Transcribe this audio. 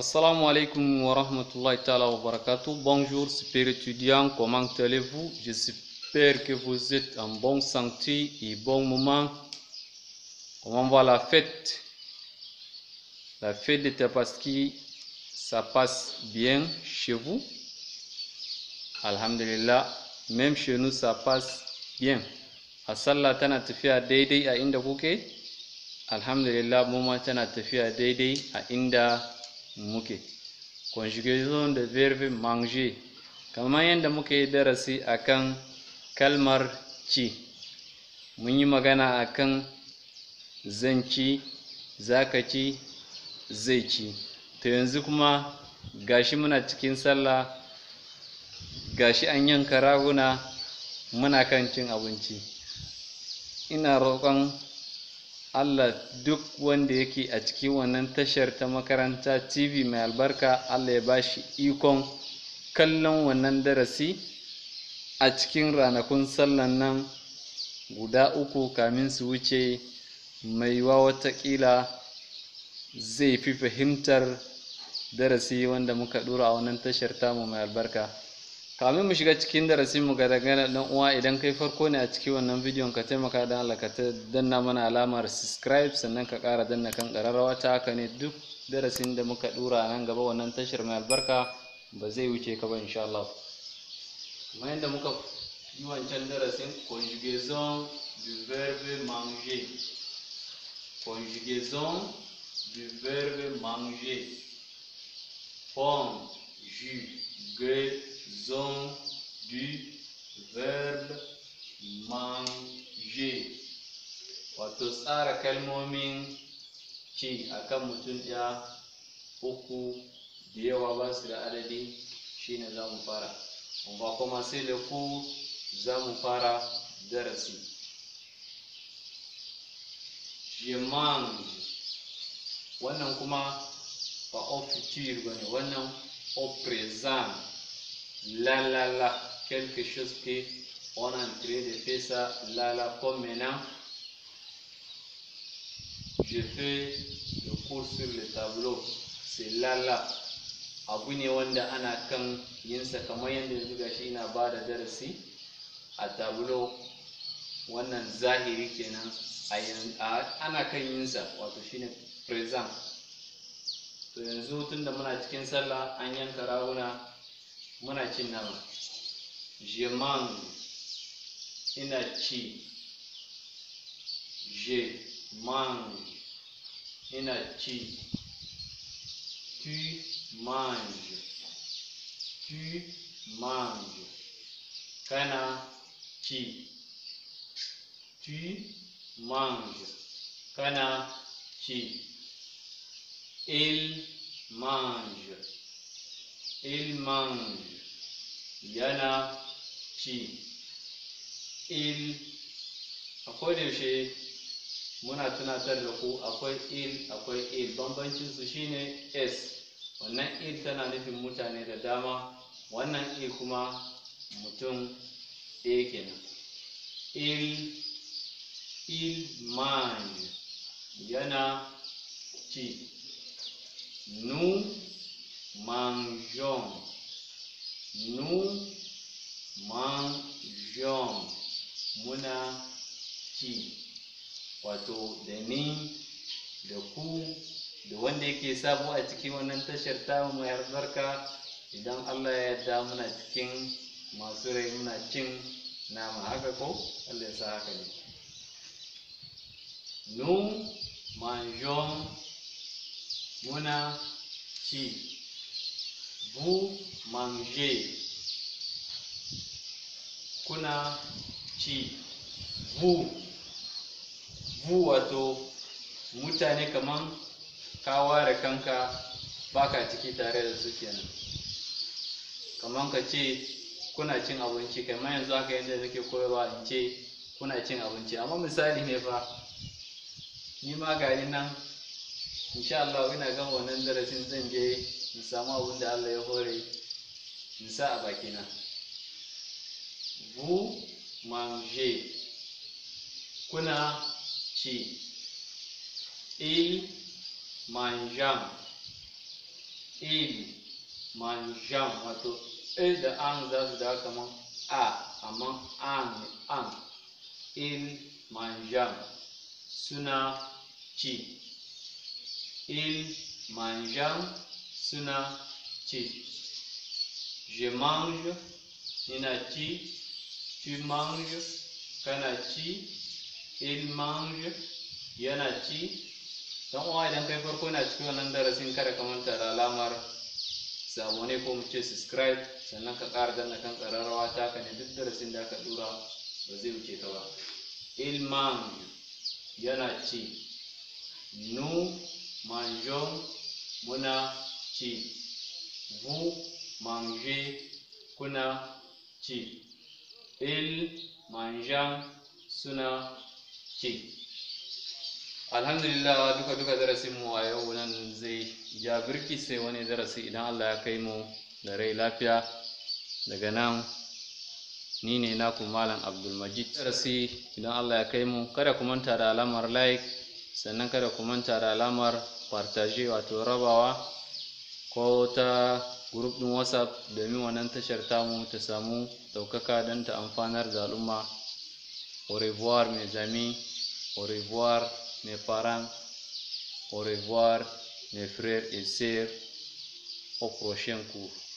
Assalamu alaikum wa rahmatullahi ta'ala wa barakatuh. Bonjour, super étudiants, comment allez-vous? J'espère que vous êtes en bon santé et bon moment. Comment va la fête? La fête de Tapaski, ça passe bien chez vous? Alhamdulillah, même chez nous, ça passe bien. A tana tafiya daidai a inda kuke? Alhamdulillah, tana a inda muke conjugation da verbe manger kamar yadda muka yi darasi akan kalmar ci mun yi magana akan zan ci zaka ci zai ci to yanzu kuma gashi muna cikin sallah gashi an yanka raguna muna kan cin abinci ina roƙon Allah duk wanda yake a cikin wannan tashar ta makaranta TV mai albarka Allah ya bashi ikon kallon wannan darasi a cikin ranakun sallan nan guda uku kamin su wuce mai yiwa watakila zai fi fahimtar darasi wanda muka dura a wannan tashar tamu mai albarka kamin mu shiga cikin darasin mu ga dangane dan uwa idan kai farko ne a cikin wannan bidiyon ka taimaka dan Allah ka danna mana alamar subscribe sannan ka kara danna kan ƙararrawa ta haka ne duk darasin da muka dura nan gaba wannan tashar mai albarka ba zai wuce ka ba insha Allah kuma yadda muka yi wancan darasin conjugaison du verbe manger conjugaison du verbe manger pomme jus gueule ont du verbe manger wato tsara kalmomin ci akan mutum ɗaya uku da yawa ba su da adadi shine za mu fara ba kuma sai da ku za mu fara darasi je wannan kuma ba of ba ne wannan of la la la, quelque chose qu'on on est en train de faire ça, la la, comme maintenant, je fais le cours sur le tableau, c'est la la. Abu ne wanda ana kan yinsa kamar yadda yanzu gashi ina ba da darasi a tableau wannan zahiri kenan a ana kan yinsa wato shine present to yanzu tunda muna cikin sallah an yanka raguna muna je mange ina je mange ina tu manges tu manges kana ci tu manges kana ci il mange ilman yana ci il da yaushe muna tunatar da ku akwai il akwai il bambancinsu shine s wannan il tana nufin mutane da dama wannan il kuma mutum ɗaya kenan il ilman yana ci nu mangeons. Nous mangeons. Muna ci. Wato da ni da ku da wanda yake sabo a cikin wannan tashar ta mai albarka idan Allah ya yarda muna cikin masu rai muna cin nama haka ko Allah ya sa haka ne nous mangeons muna ci Vous mangez. Kuna ci. Vous. Vous wato mutane kaman ka ware kanka baka ciki tare da su kenan. Kaman ka ce kuna cin abinci kaman yanzu haka yadda nake koyarwa in ce kuna cin abinci amma misali ne fa ni ma gari nan insha Allah ina gama wannan darasin zan je in samu abin da Allah ya hore in sa a bakina bu manje kuna ci il manjam il manjam wato il da an za su da kaman a amma an an il manjam suna ci Ils mangent suna ci. Je mange, ina ci. Tu manges, kana ci. Il mange, yana ci. Don uwa idan kai farko na cikin wannan darasin kada ka manta da alamar samu ne ko mu ce subscribe sannan ka ƙara danna kan ƙararrawa ta ka ne duk darasin da ka dura ba zai wuce ka ba. Il mange, yana ci. Nous mangeons, muna chi. ci. Vous mangez, kuna ci. Il mangea, suna ci. alhamdulillah duka duka darasin mu a yau nan zai ja birki sai wani darasi idan Allah ya kai mu da rai lafiya daga nan ni ne naku malam abdulmajid darasi idan Allah ya kai mu kada ku manta da alamar like sannan kada ku manta da alamar partage wato rabawa ko ta group din whatsapp domin wannan tashar tamu ta samu daukaka don ta amfanar da al'umma au revoir mes amis au revoir mes parents au revoir mes frères et sœurs au prochain cours